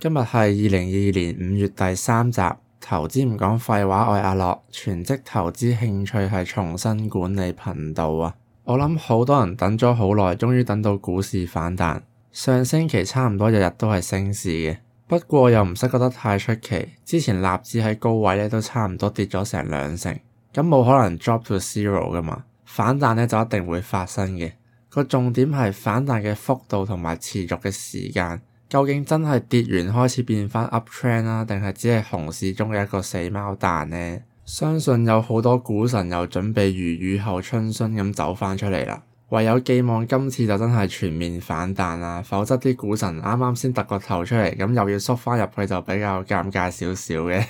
今日係二零二二年五月第三集，投資唔講廢話，愛阿樂全職投資興趣係重新管理頻道啊！我諗好多人等咗好耐，終於等到股市反彈。上星期差唔多日日都係升市嘅，不過又唔使覺得太出奇。之前納指喺高位咧都差唔多跌咗成兩成，咁冇可能 drop to zero 噶嘛？反彈咧就一定會發生嘅，個重點係反彈嘅幅度同埋持續嘅時間。究竟真係跌完開始變翻 uptrend 啦，定係只係熊市中嘅一個死貓蛋呢？相信有好多股神又準備如雨後春笋咁走翻出嚟啦。唯有寄望今次就真係全面反彈啦，否則啲股神啱啱先突個頭出嚟，咁又要縮翻入去就比較尷尬少少嘅。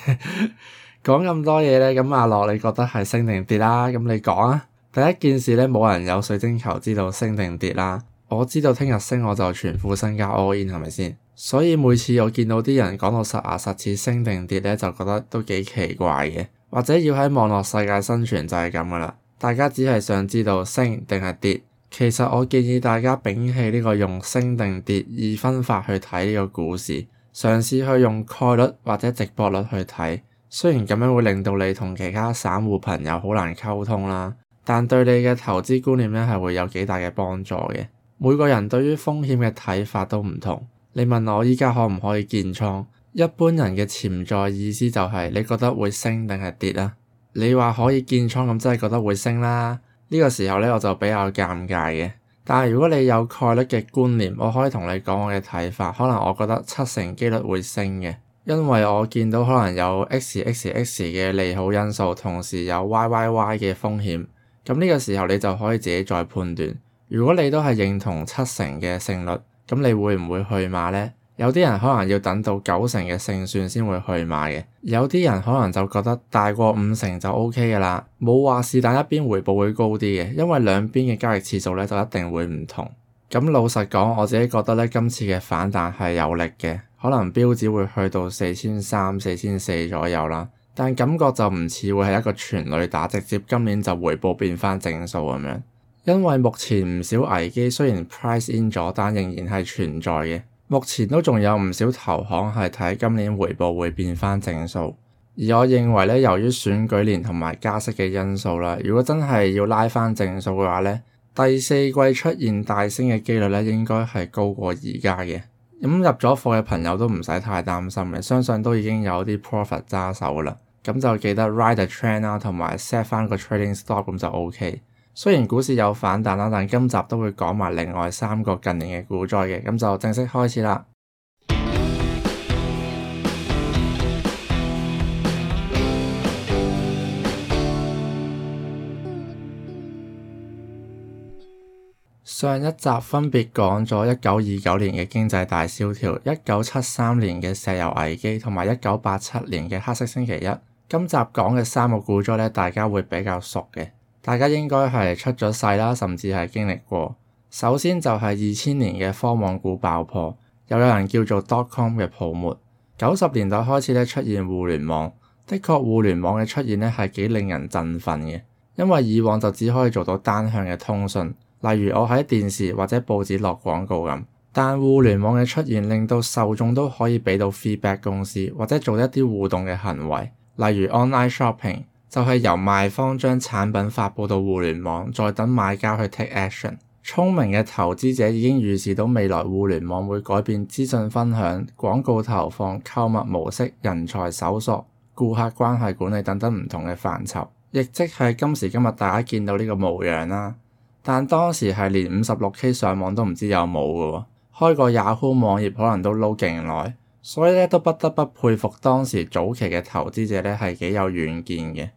講 咁多嘢呢，咁阿樂你覺得係升定跌啦？咁你講啊！第一件事呢，冇人有水晶球知道升定跌啦。我知道聽日升，我就全副身家 all in 係咪先？所以每次我見到啲人講到實牙實齒升定跌咧，就覺得都幾奇怪嘅。或者要喺網絡世界生存就係咁噶啦。大家只係想知道升定係跌。其實我建議大家摒棄呢個用升定跌二分法去睇呢個股市，嘗試去用概率或者直博率去睇。雖然咁樣會令到你同其他散戶朋友好難溝通啦，但對你嘅投資觀念咧係會有幾大嘅幫助嘅。每個人對於風險嘅睇法都唔同。你問我依家可唔可以建倉？一般人嘅潛在意思就係你覺得會升定係跌啦。你話可以建倉咁，真係覺得會升啦。呢個時候咧，我就比較尷尬嘅。但係如果你有概率嘅觀念，我可以同你講我嘅睇法。可能我覺得七成幾率會升嘅，因為我見到可能有 X X X 嘅利好因素，同時有 Y Y Y 嘅風險。咁呢個時候你就可以自己再判斷。如果你都係認同七成嘅勝率，咁你會唔會去買呢？有啲人可能要等到九成嘅勝算先會去買嘅，有啲人可能就覺得大過五成就 OK 㗎啦，冇話是但一邊回報會高啲嘅，因為兩邊嘅交易次數咧就一定會唔同。咁老實講，我自己覺得咧今次嘅反彈係有力嘅，可能標指會去到四千三、四千四左右啦，但感覺就唔似會係一個全壘打，直接今年就回報變翻正數咁樣。因為目前唔少危機雖然 price in 咗，但仍然係存在嘅。目前都仲有唔少投行係睇今年回報會變翻正數。而我認為咧，由於選舉年同埋加息嘅因素啦，如果真係要拉翻正數嘅話咧，第四季出現大升嘅機率咧，應該係高過而家嘅。咁、嗯、入咗貨嘅朋友都唔使太擔心嘅，相信都已經有啲 profit 揸手啦。咁就記得 ride the trend 啦，同埋 set 翻個 trading stop，咁就 O、OK、K。雖然股市有反彈啦，但今集都會講埋另外三個近年嘅股災嘅，咁就正式開始啦。上一集分別講咗一九二九年嘅經濟大蕭條、一九七三年嘅石油危機同埋一九八七年嘅黑色星期一。今集講嘅三個股災呢，大家會比較熟嘅。大家應該係出咗世啦，甚至係經歷過。首先就係二千年嘅科網股爆破，又有人叫做 dotcom 嘅泡沫。九十年代開始咧出現互聯網，的確互聯網嘅出現咧係幾令人振奮嘅，因為以往就只可以做到單向嘅通訊，例如我喺電視或者報紙落廣告咁。但互聯網嘅出現令到受眾都可以畀到 feedback 公司，或者做一啲互動嘅行為，例如 online shopping。就係由賣方將產品發布到互聯網，再等買家去 take action。聰明嘅投資者已經預示到未來互聯網會改變資訊分享、廣告投放、購物模式、人才搜索、顧客關係管理等等唔同嘅範疇，亦即係今時今日大家見到呢個模樣啦。但當時係連五十六 K 上網都唔知有冇嘅喎，開個 Yahoo 網頁可能都撈勁耐，所以咧都不得不佩服當時早期嘅投資者咧係幾有遠見嘅。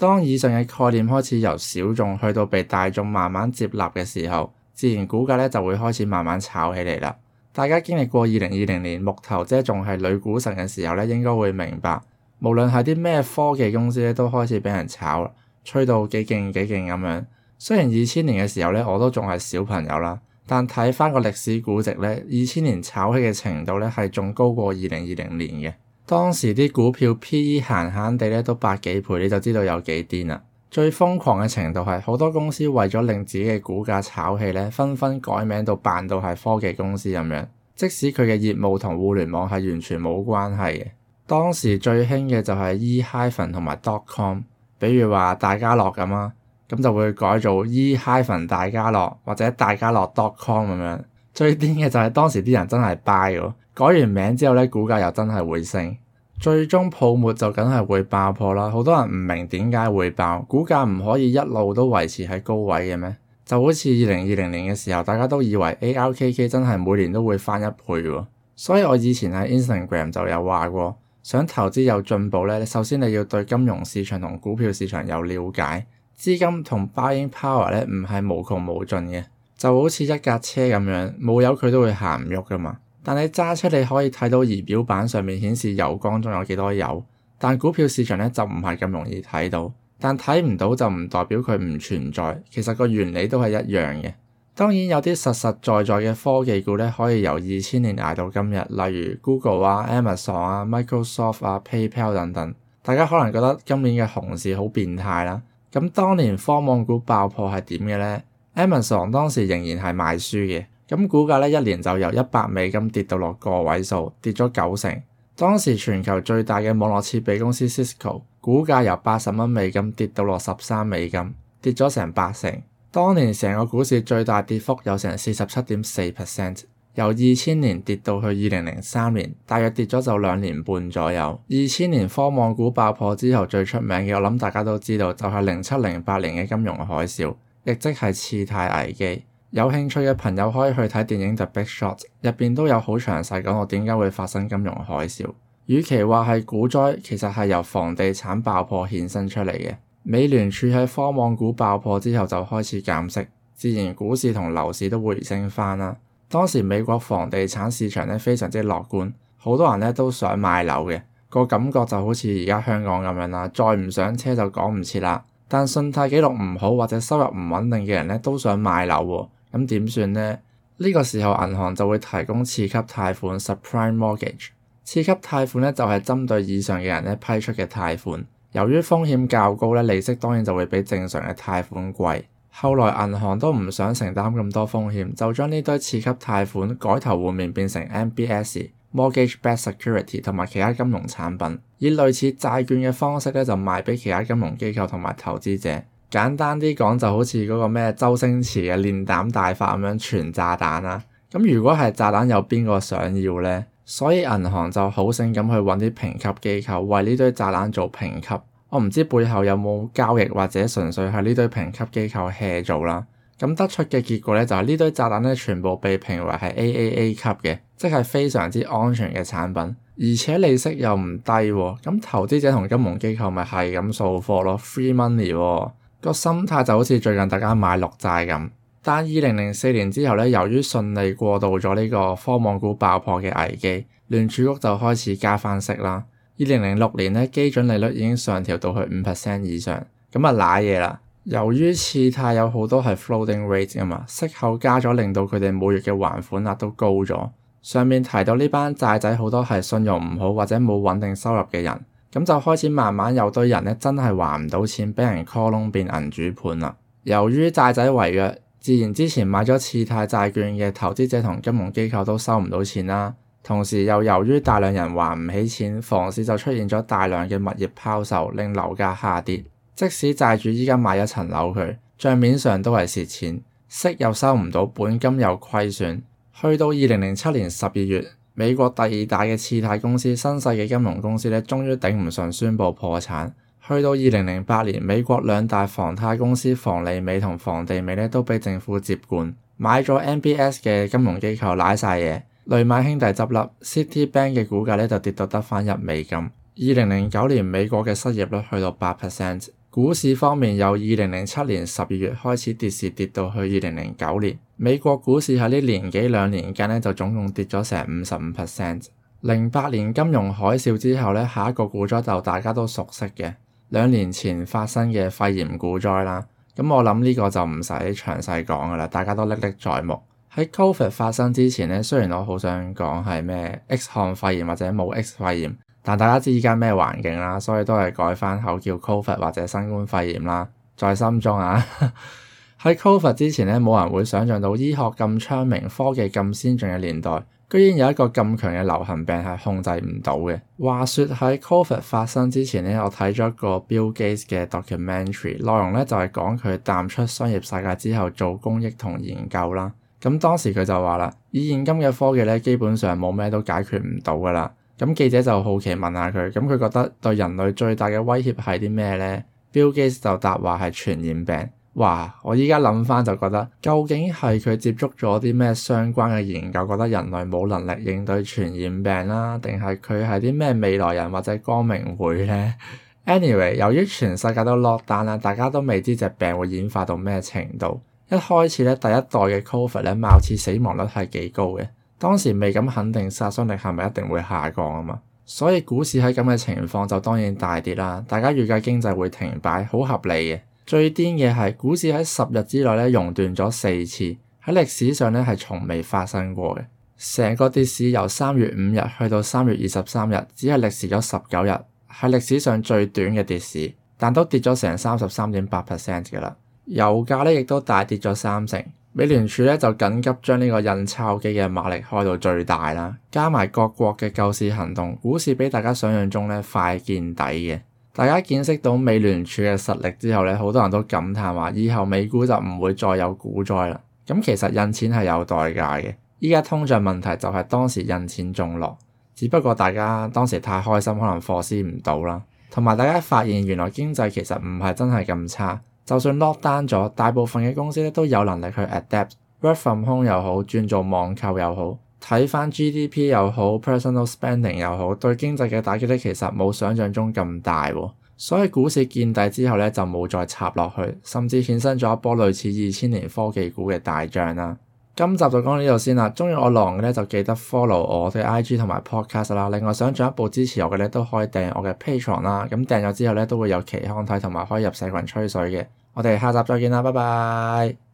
當以上嘅概念開始由小眾去到被大眾慢慢接納嘅時候，自然股價咧就會開始慢慢炒起嚟啦。大家經歷過二零二零年木頭姐仲係女股神嘅時候咧，應該會明白，無論係啲咩科技公司咧，都開始俾人炒啦，吹到幾勁幾勁咁樣。雖然二千年嘅時候咧我都仲係小朋友啦，但睇翻個歷史估值咧，二千年炒起嘅程度咧係仲高過二零二零年嘅。當時啲股票 P/E 閑閑地咧都百幾倍，你就知道有幾癲啦。最瘋狂嘅程度係好多公司為咗令自己嘅股價炒起咧，紛紛改名到扮到係科技公司咁樣，即使佢嘅業務同互聯網係完全冇關係嘅。當時最興嘅就係 e-hyphen 同埋 dotcom，比如話大家樂咁啦，咁就會改做 e-hyphen 大家樂或者大家樂 dotcom 咁樣。最癲嘅就係當時啲人真係 buy 咯。改完名之後呢，股價又真係會升，最終泡沫就梗係會爆破啦。好多人唔明點解會爆，股價唔可以一路都維持喺高位嘅咩？就好似二零二零年嘅時候，大家都以為 ARKK 真係每年都會翻一倍喎。所以我以前喺 Instagram 就有話過，想投資有進步呢，首先你要對金融市場同股票市場有了解，資金同 buying power 呢，唔係無窮無盡嘅，就好似一架車咁樣冇油佢都會行唔喐噶嘛。但你揸車你可以睇到儀表板上面顯示油缸中有幾多油，但股票市場咧就唔係咁容易睇到。但睇唔到就唔代表佢唔存在，其實個原理都係一樣嘅。當然有啲實實在在嘅科技股咧可以由二千年捱到今日，例如 Google 啊、Amazon 啊、Microsoft 啊、PayPal 等等。大家可能覺得今年嘅熊市好變態啦。咁當年科網股爆破係點嘅咧？Amazon 當時仍然係賣書嘅。咁股價咧一年就由一百美金跌到落個位數，跌咗九成。當時全球最大嘅網絡設備公司 Cisco 股價由八十蚊美金跌到落十三美金，跌咗成八成。當年成個股市最大跌幅有成四十七點四 percent，由二千年跌到去二零零三年，大約跌咗就兩年半左右。二千年科網股爆破之後最出名嘅，我諗大家都知道，就係零七零八年嘅金融海嘯，亦即係次貸危機。有興趣嘅朋友可以去睇電影《The Big Short》，入邊都有好詳細講到點解會發生金融海嘯。與其話係股災，其實係由房地產爆破衍生出嚟嘅。美聯儲喺科網股爆破之後就開始減息，自然股市同樓市都會回升翻啦。當時美國房地產市場咧非常之樂觀，好多人咧都想買樓嘅，個感覺就好似而家香港咁樣啦，再唔上車就趕唔切啦。但信貸記錄唔好或者收入唔穩定嘅人咧都想買樓喎。咁點算呢？呢個時候銀行就會提供次級貸款 （subprime mortgage）。次級貸款咧就係針對以上嘅人咧批出嘅貸款。由於風險較高咧，利息當然就會比正常嘅貸款貴。後來銀行都唔想承擔咁多風險，就將呢堆次級貸款改頭換面變成 MBS（mortgage-backed security） 同埋其他金融產品，以類似債券嘅方式咧就賣俾其他金融機構同埋投資者。簡單啲講，就好似嗰個咩周星馳嘅《練膽大法》咁樣，全炸彈啦、啊。咁如果係炸彈，有邊個想要咧？所以銀行就好性咁去搵啲評級機構為呢堆炸彈做評級。我唔知背後有冇交易，或者純粹係呢堆評級機構 hea 做啦。咁得出嘅結果咧，就係、是、呢堆炸彈咧全部被評為係 AAA 級嘅，即係非常之安全嘅產品，而且利息又唔低、啊。咁投資者同金融機構咪係咁掃貨咯，free money 喎、啊。個心態就好似最近大家買綠債咁，但二零零四年之後咧，由於順利過渡咗呢個科網股爆破嘅危機，聯儲局就開始加翻息啦。二零零六年咧，基準利率已經上調到去五 percent 以上，咁啊瀨嘢啦。由於次貸有好多係 floating rate 㗎嘛，息口加咗，令到佢哋每月嘅還款額都高咗。上面提到呢班債仔好多係信用唔好或者冇穩定收入嘅人。咁就開始慢慢有堆人咧，真係還唔到錢，俾人 call 窿變銀主盤啦。由於債仔違約，自然之前買咗次貸債券嘅投資者同金融機構都收唔到錢啦、啊。同時又由於大量人還唔起錢，房市就出現咗大量嘅物業拋售，令樓價下跌。即使債主而家賣咗層樓佢，帳面上都係蝕錢，息又收唔到，本金又虧損。去到二零零七年十二月。美國第二大嘅次貸公司新世紀金融公司咧，終於頂唔順，宣布破產。去到二零零八年，美國兩大房貸公司房利美同房地美咧，都俾政府接管，買咗 MBS 嘅金融機構，瀨晒嘢，雷曼兄弟執笠，Citibank 嘅股價咧就跌到得翻一美金。二零零九年，美國嘅失業率去到八 percent。股市方面由二零零七年十二月開始跌市，跌到去二零零九年，美國股市喺呢年幾兩年間呢，就總共跌咗成五十五 percent。零八年金融海嘯之後呢，下一個股災就大家都熟悉嘅，兩年前發生嘅肺炎股災啦。咁我諗呢個就唔使詳細講噶啦，大家都歷歷在目。喺 COVID 發生之前呢，雖然我好想講係咩 X 漢肺炎或者冇 X 肺炎。但大家知而家咩環境啦，所以都係改翻口叫 Covid 或者新冠肺炎啦。在心中啊，喺 Covid 之前呢，冇人會想象到醫學咁昌明、科技咁先進嘅年代，居然有一個咁強嘅流行病係控制唔到嘅。話說喺 Covid 發生之前呢，我睇咗一個 Bill Gates 嘅 documentary，內容呢就係講佢淡出商業世界之後做公益同研究啦。咁當時佢就話啦，以現今嘅科技呢，基本上冇咩都解決唔到噶啦。咁記者就好奇問下佢，咁佢覺得對人類最大嘅威脅係啲咩咧？Bill Gates 就答話係傳染病。哇！我而家諗翻就覺得，究竟係佢接觸咗啲咩相關嘅研究，覺得人類冇能力應對傳染病啦、啊，定係佢係啲咩未來人或者光明會咧？Anyway，由於全世界都 lockdown 啦，大家都未知隻病會演化到咩程度。一開始咧，第一代嘅 Covid 咧，貌似死亡率係幾高嘅。當時未敢肯定殺傷力係咪一定會下降啊嘛，所以股市喺咁嘅情況就當然大跌啦。大家預計經濟會停擺，好合理嘅。最癲嘅係股市喺十日之內咧熔斷咗四次，喺歷史上咧係從未發生過嘅。成個跌市由三月五日去到三月二十三日，只係歷時咗十九日，係歷史上最短嘅跌市，但都跌咗成三十三點八 percent 㗎啦。油價咧亦都大跌咗三成。美聯儲咧就緊急將呢個印鈔機嘅馬力開到最大啦，加埋各國嘅救市行動，股市比大家想象中咧快見底嘅。大家見識到美聯儲嘅實力之後咧，好多人都感嘆話，以後美股就唔會再有股災啦。咁其實印錢係有代價嘅，依家通脹問題就係當時印錢種落，只不過大家當時太開心，可能放肆唔到啦，同埋大家發現原來經濟其實唔係真係咁差。就算 lock down 咗，大部分嘅公司咧都有能力去 adapt，work from home 又好，轉做網購又好，睇翻 GDP 又好，personal spending 又好，對經濟嘅打擊咧其實冇想象中咁大喎，哦。所以股市見底之後咧就冇再插落去，甚至衍生咗一波類似二千年科技股嘅大漲啦。今集就講到呢度先啦。中意我郎嘅咧就記得 follow 我嘅 IG 同埋 podcast 啦。另外想進一步支持我嘅咧都可以訂我嘅 Patreon 啦。咁訂咗之後咧都會有期刊睇同埋可以入社群吹水嘅。我哋下集再見啦，拜拜！